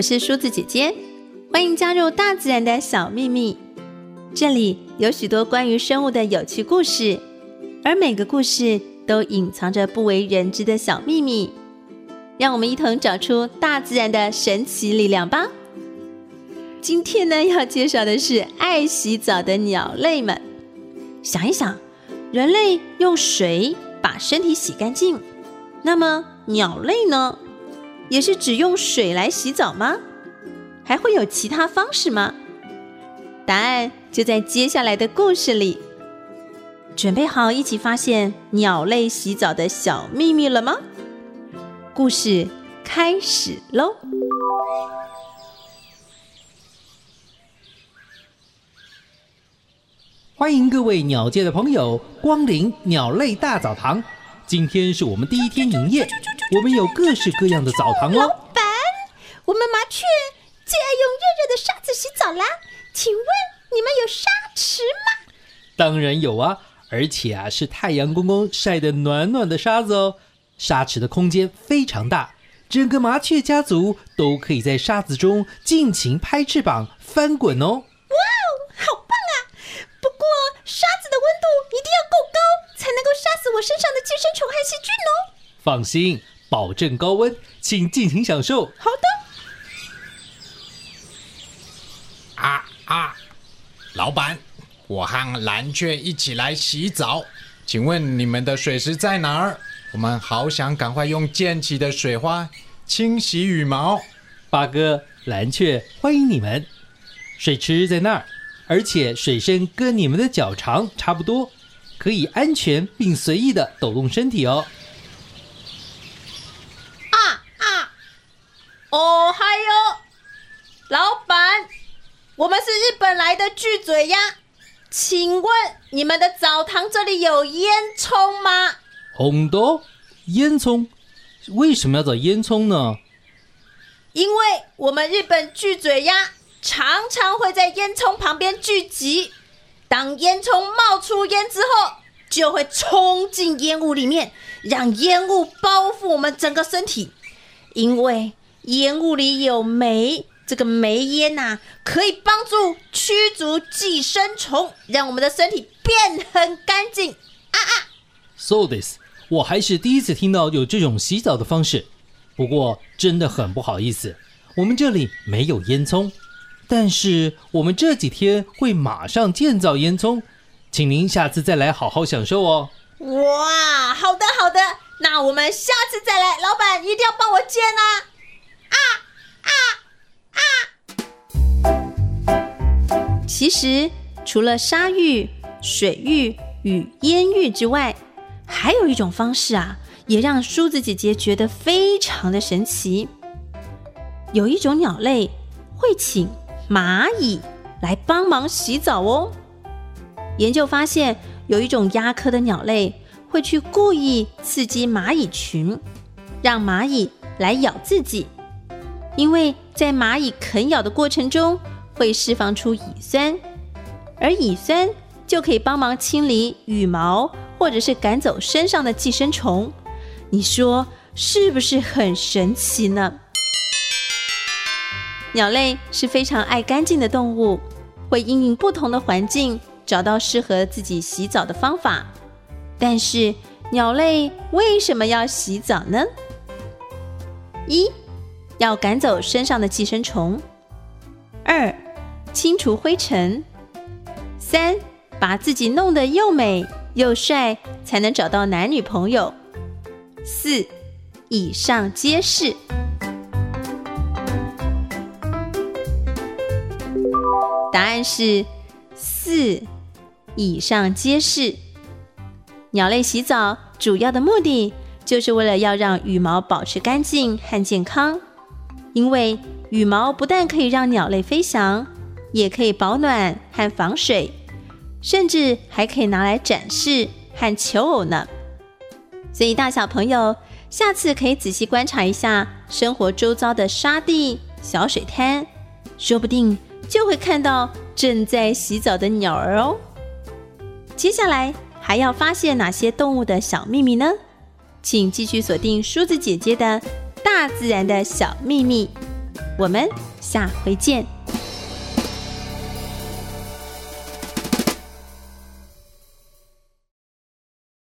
我是梳子姐姐，歡迎加入《大自然的小秘密》。這裡有許多關於生物的有趣故事，而每個故事都隱藏着不為人知的小秘密。讓我們一同找出大自然的神奇力量吧！今天呢，要介紹的是愛洗澡的鳥類們。想一想，人類用水把身體洗乾淨，那麼鳥類呢？也是只用水來洗澡嗎？還會有其他方式嗎？答案就在接下來的故事裡。準備好一起發現鳥類洗澡的小秘密了嗎？故事開始嘍！歡迎各位鳥界的朋友光臨鳥類大澡堂。今天是我們第一天營業，助助助助助，我們有各式各樣的澡堂哦。老闆，我們麻雀最愛用熱熱的沙子洗澡啦，請問你們有沙池嗎？當然有啊，而且啊是太陽公公曬得暖暖的沙子哦。沙池的空間非常大，整個麻雀家族都可以在沙子中盡情拍翅膀、翻滾哦。放心，保證高溫，請盡情享受。好的。啊啊！老闆，我和藍雀一起來洗澡，請問你們的水池在哪兒？我們好想趕快用濺起的水花清洗羽毛。八哥、藍雀，歡迎你們！水池在那兒，而且水深跟你們的腳長差不多，可以安全並隨意地抖動身體哦。哦，嗨喲，老闆，我們是日本來的巨嘴鴉，請問你們的澡堂這裡有煙囪嗎？很多煙囪，為什麼要找煙囪呢？因為我們日本巨嘴鴉常常會在煙囪旁邊聚集，當煙囪冒出煙之後，就會衝進煙霧裡面，讓煙霧包覆我們整個身體，因為。.煙霧裡有煤，這個煤煙吶，可以幫助驅逐寄生蟲，讓我們的身體變很乾淨。啊啊，So this，我還是第一次聽到有這種洗澡的方式，不過真的很不好意思，我們這裡沒有煙囪，但是我們這幾天會馬上建造煙囪，請您下次再來好好享受哦。哇，好的好的，那我們下次再來，老闆一定要幫我建啊。其實，除了沙浴、水浴與煙浴之外，還有一種方式啊，也讓梳子姐姐覺得非常的神奇。有一種鳥類會請螞蟻來幫忙洗澡哦。研究發現，有一種鴉科的鳥類會去故意刺激螞蟻群，讓螞蟻來咬自己，因為在螞蟻啃咬的過程中，會釋放出蟻酸。而蟻酸就可以幫忙清理羽毛，或者是趕走身上的寄生蟲。你說是不是很神奇呢？鳥類是非常愛乾淨的動物，會因應不同的環境找到適合自己洗澡的方法。但是鳥類為什麼要洗澡呢？一，要趕走身上的寄生蟲；二，清除灰塵。三，把自己弄得又美又帥，才能找到男女朋友。四，以上皆是。答案是四，以上皆是。鳥類洗澡主要的目的，就是為了要讓羽毛保持乾淨和健康，因為羽毛不但可以讓鳥類飛翔，也可以保暖和防水。甚至還可以拿來展示和求偶呢。所以，大小朋友，下次可以仔細觀察一下生活周遭的沙地、小水灘，說不定就會看到正在洗澡的鳥兒哦。接下來還要發現哪些動物的小秘密呢？請繼續鎖定梳子姐姐的《大自然的小秘密》，我們下回見。